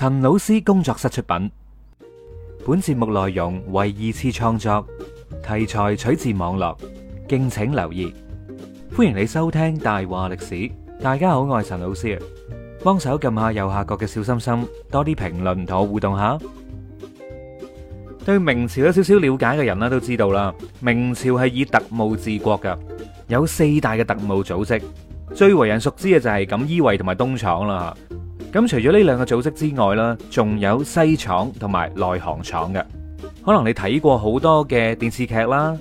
陳老師工作室出品，本節目內容為二次創作，題材取自網絡，敬請留意。歡迎你收聽《大話歷史》，大家好，我係陳老師。幫手撳下右下角嘅小心心，多啲評論同我互動下。對明朝有少少了解嘅人都知道啦，明朝係以特務治國噶，有四大嘅特務組織，最為人熟知嘅就係錦衣衛同埋東廠啦。咁除咗呢兩個組織之外啦，仲有西廠同埋內行廠嘅。可能你睇過好多嘅電視劇啦、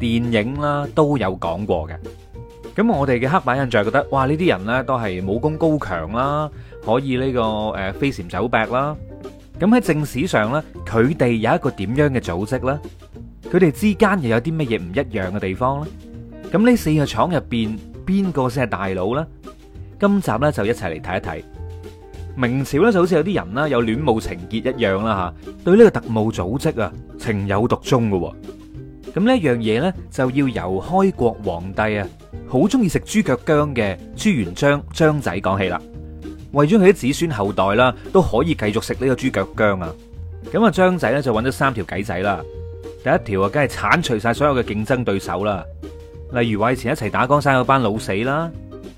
電影啦，都有講過嘅。咁我哋嘅黑板印象覺得，哇！呢啲人咧都係武功高強啦，可以呢個誒飛檐走壁啦。咁喺正史上咧，佢哋有一個點樣嘅組織啦？佢哋之間又有啲乜嘢唔一樣嘅地方咧？咁呢四個廠入邊邊個先係大佬咧？今集咧就一齊嚟睇一睇。明朝咧就好似有啲人啦，有戀慕情結一樣啦吓，對呢個特務組織啊情有獨鍾噶。咁呢一樣嘢咧，就要由開國皇帝啊，好中意食豬腳姜嘅朱元璋張仔講起啦。為咗佢啲子孫後代啦，都可以繼續食呢個豬腳薑啊，咁啊張仔咧就揾咗三條計仔啦。第一條啊，梗係鏟除晒所有嘅競爭對手啦，例如話以前一齊打江山嗰班老死啦。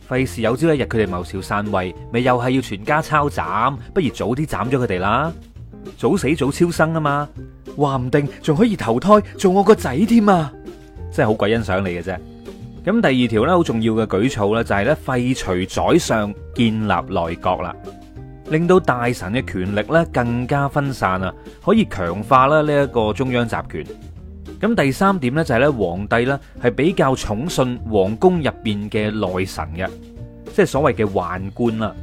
費事有朝一日佢哋謀朝篡位，咪又係要全家抄斬，不如早啲斬咗佢哋啦！早死早超生啊嘛，話唔定仲可以投胎做我個仔添啊！真係好鬼欣賞你嘅啫。咁第二條咧，好重要嘅舉措咧，就係咧廢除宰相，建立內閣啦，令到大臣嘅權力咧更加分散啊，可以強化啦呢一個中央集權。咁第三點咧就係咧皇帝咧係比較寵信皇宮入邊嘅內臣嘅，即係所謂嘅宦官啦。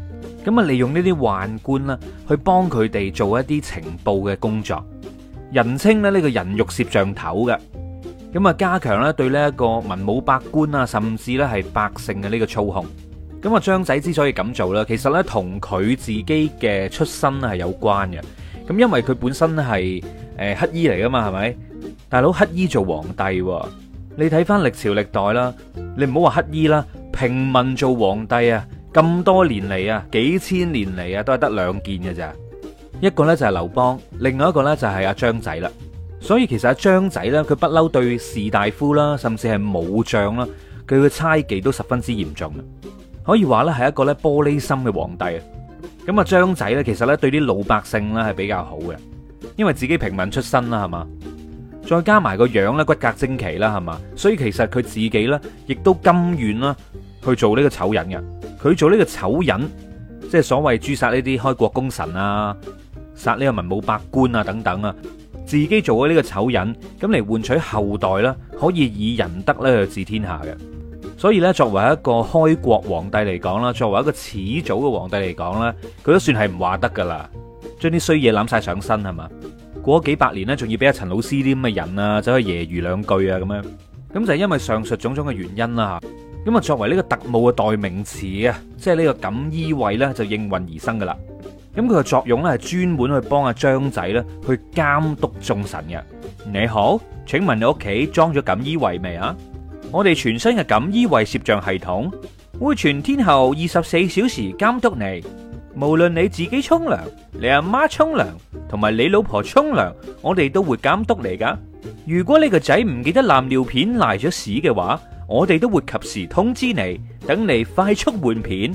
咁啊利用呢啲宦官啦去幫佢哋做一啲情報嘅工作，人稱咧呢個人肉攝像頭嘅。咁啊加強咧對呢一個文武百官啊，甚至咧係百姓嘅呢個操控。咁啊張仔之所以咁做啦，其實咧同佢自己嘅出身係有關嘅。咁因為佢本身係誒乞衣嚟噶嘛，係咪？大佬乞衣做皇帝，你睇翻歷朝歷代啦，你唔好話乞衣啦，平民做皇帝啊，咁多年嚟啊，幾千年嚟啊，都係得兩件嘅咋，一個呢，就係劉邦，另外一個呢，就係阿張仔啦。所以其實阿張仔呢，佢不嬲對士大夫啦，甚至係武將啦，佢嘅猜忌都十分之嚴重，可以話呢，係一個呢玻璃心嘅皇帝。咁啊張仔呢，其實呢，對啲老百姓呢係比較好嘅，因為自己平民出身啦，係嘛。再加埋個樣咧，骨骼精奇啦，係嘛？所以其實佢自己咧，亦都甘願啦，去做呢個醜人嘅。佢做呢個醜人，即係所謂誅殺呢啲開國功臣啊，殺呢個文武百官啊等等啊，自己做咗呢個醜人，咁嚟換取後代啦，可以以仁德咧去治天下嘅。所以咧，作為一個開國皇帝嚟講啦，作為一個始祖嘅皇帝嚟講咧，佢都算係唔話得噶啦，將啲衰嘢攬晒上身，係嘛？過咗幾百年咧，仲要俾阿陳老師啲咁嘅人啊，走去揶揄兩句啊，咁樣咁就係因為上述種種嘅原因啦吓。咁啊，作為呢個特務嘅代名詞啊，即係呢個錦衣衛咧，就應運而生噶啦。咁佢嘅作用咧係專門去幫阿張仔咧去監督眾神嘅。你好，請問你屋企裝咗錦衣衛未啊？我哋全新嘅錦衣衛攝像系統會全天候二十四小時監督你，無論你自己沖涼，你阿媽沖涼。同埋你老婆沖涼，我哋都會監督你噶。如果你個仔唔記得爛尿片瀨咗屎嘅話，我哋都會及時通知你，等你快速換片，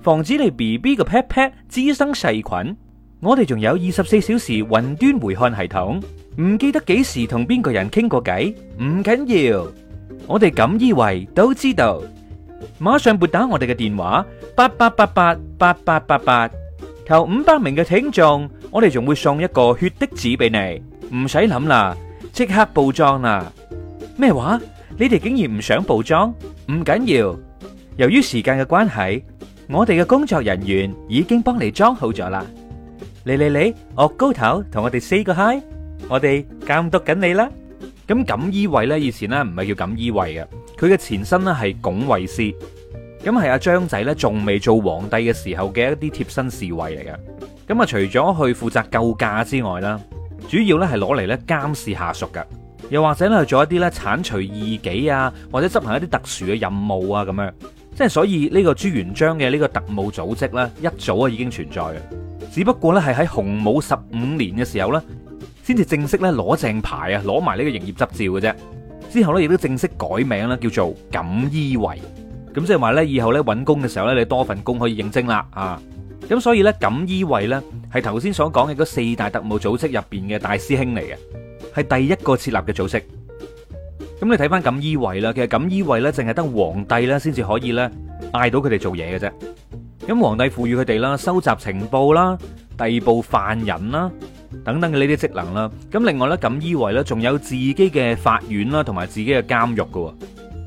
防止你 BB 嘅屁屁滋生細菌。我哋仲有二十四小時雲端回看系統，唔記得幾時同邊個人傾過偈，唔緊要，我哋錦衣衛都知道，馬上撥打我哋嘅電話八八八八八八八八。頭五百名嘅聽眾，我哋仲會送一個血滴紙俾你，唔使諗啦，即刻報裝啦！咩話？你哋竟然唔想報裝？唔緊要，由於時間嘅關係，我哋嘅工作人員已經幫你裝好咗啦。嚟嚟嚟，我高頭同我哋 say 個 hi，我哋監督緊你啦。咁錦衣衛咧，以前咧唔係叫錦衣衛嘅，佢嘅前身咧係拱衛司。咁係阿張仔呢仲未做皇帝嘅時候嘅一啲貼身侍衛嚟嘅。咁啊，除咗去負責救駕之外啦，主要呢係攞嚟呢監視下屬㗎，又或者呢去做一啲呢鏟除異己啊，或者執行一啲特殊嘅任務啊咁樣。即係所以呢個朱元璋嘅呢個特務組織呢，一早啊已經存在嘅。只不過呢係喺洪武十五年嘅時候呢，先至正式呢攞正牌啊，攞埋呢個營業執照嘅啫。之後呢，亦都正式改名啦，叫做錦衣衛。咁即係話咧，以後咧搵工嘅時候咧，你多份工可以應徵啦啊！咁所以咧，錦衣衛咧係頭先所講嘅嗰四大特務組織入邊嘅大師兄嚟嘅，係第一個設立嘅組織。咁你睇翻錦衣衛啦，其實錦衣衛咧淨係得皇帝咧先至可以咧嗌到佢哋做嘢嘅啫。咁皇帝賦予佢哋啦，收集情報啦、逮捕犯人啦等等嘅呢啲職能啦。咁另外咧，錦衣衛咧仲有自己嘅法院啦，同埋自己嘅監獄噶。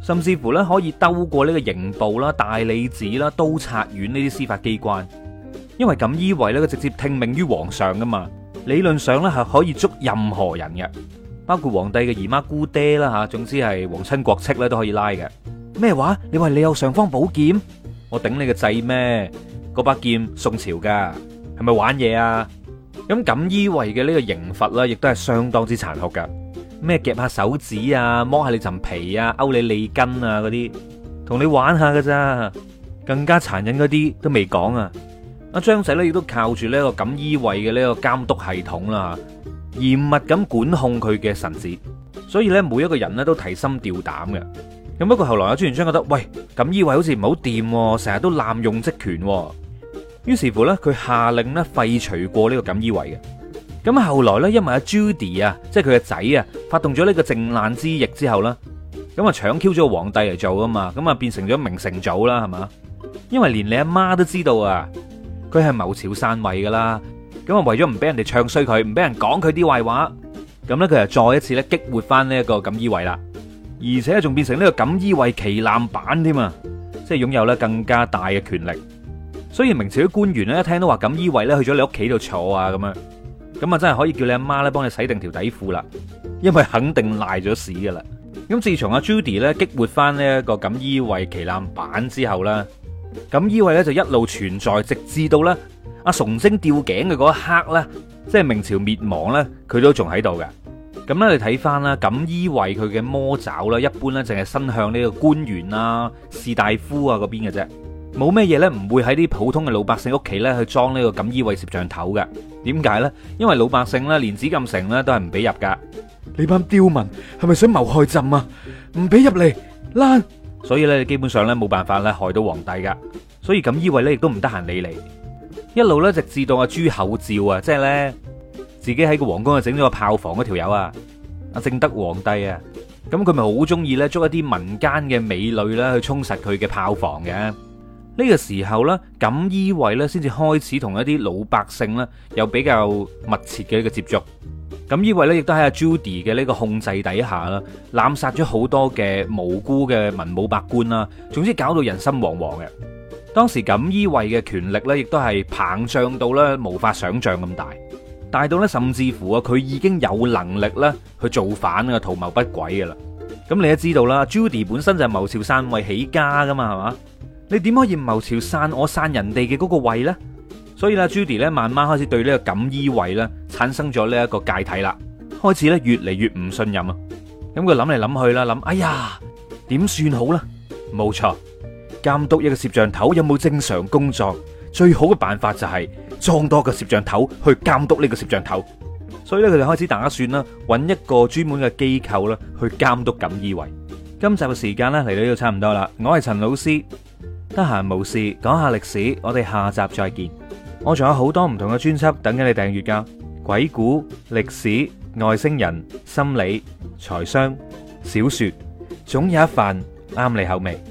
甚至乎咧可以兜過呢個刑部啦、大理寺啦、都察院呢啲司法機關，因為錦衣衛咧佢直接聽命於皇上噶嘛，理論上咧係可以捉任何人嘅，包括皇帝嘅姨媽姑爹啦吓，總之係皇親國戚咧都可以拉嘅。咩話？你話你有尚方寶劍？我頂你個掣咩？嗰把劍宋朝噶，係咪玩嘢啊？咁錦衣衛嘅呢個刑罰咧，亦都係相當之殘酷噶。咩夾下手指啊，剝下你層皮啊，勾你脷根啊，嗰啲同你玩下㗎咋？更加殘忍嗰啲都未講啊！阿張仔咧亦都靠住呢個錦衣衛嘅呢個監督系統啦、啊，嚴密咁管控佢嘅臣子，所以咧每一個人咧都提心吊膽嘅。咁不過後來阿朱元璋覺得喂錦衣衛好似唔好掂，成日都濫用職權、啊，於是乎咧佢下令咧廢除過呢個錦衣衛嘅。咁後來咧，因為阿 Judy 啊，即係佢嘅仔啊，發動咗呢個靖難之役之後啦，咁啊搶 Q 咗個皇帝嚟做噶嘛，咁啊變成咗明成祖啦，係嘛？因為連你阿媽都知道啊，佢係謀朝篡位噶啦，咁啊為咗唔俾人哋唱衰佢，唔俾人講佢啲壞話，咁咧佢又再一次咧激活翻呢一個錦衣衛啦，而且仲變成呢個錦衣衛旗艦版添啊，即係擁有咧更加大嘅權力。雖然明朝啲官員咧一聽到話錦衣衛咧去咗你屋企度坐啊咁樣。咁啊，真係可以叫你阿媽咧幫你洗定條底褲啦，因為肯定賴咗屎噶啦。咁自從阿 Judy 咧激活翻呢一個錦衣衛旗艦版之後咧，錦衣衛咧就一路存在，直至到咧阿崇禎吊頸嘅嗰一刻咧，即係明朝滅亡咧，佢都仲喺度嘅。咁咧你睇翻啦，錦衣衛佢嘅魔爪啦，一般咧淨係伸向呢個官員啊、士大夫啊嗰邊嘅啫。冇咩嘢咧，唔會喺啲普通嘅老百姓屋企咧去裝呢個錦衣衛攝像頭嘅。點解咧？因為老百姓咧連紫禁城咧都係唔俾入噶。你班刁民係咪想謀害朕啊？唔俾入嚟，嗱！所以咧，基本上咧冇辦法咧害到皇帝噶。所以錦衣衛咧亦都唔得閒理你。一路咧直至到阿朱厚照啊，即係咧自己喺個皇宮度整咗個炮房嗰條友啊，阿正德皇帝啊，咁佢咪好中意咧捉一啲民間嘅美女咧去充實佢嘅炮房嘅。呢、這個時候呢錦衣衛呢先至開始同一啲老百姓呢有比較密切嘅一個接觸。錦衣衛呢亦都喺阿朱棣嘅呢個控制底下啦，濫殺咗好多嘅無辜嘅文武百官啦。總之搞到人心惶惶嘅。當時錦衣衛嘅權力呢亦都係膨脹到呢無法想象咁大，大到呢甚至乎啊佢已經有能力呢去造反啊圖謀不軌嘅啦。咁你都知道啦，朱棣本身就係謀朝篡位起家噶嘛，係嘛？你點可以謀朝散我散人哋嘅嗰個位咧？所以啦，朱棣咧，慢慢開始對呢個錦衣衛咧產生咗呢一個芥蒂啦，開始咧越嚟越唔信任啊。咁佢諗嚟諗去啦，諗哎呀，點算好咧？冇錯，監督一個攝像頭有冇正常工作，最好嘅辦法就係裝多個攝像頭去監督呢個攝像頭。所以咧，佢哋開始打算啦，搵一個專門嘅機構啦去監督錦衣衛。今集嘅時間咧嚟到呢度差唔多啦，我係陳老師。得閒無事講下歷史，我哋下集再見。我仲有好多唔同嘅專輯等緊你訂閱噶，鬼故、歷史、外星人、心理、財商、小說，總有一份啱你口味。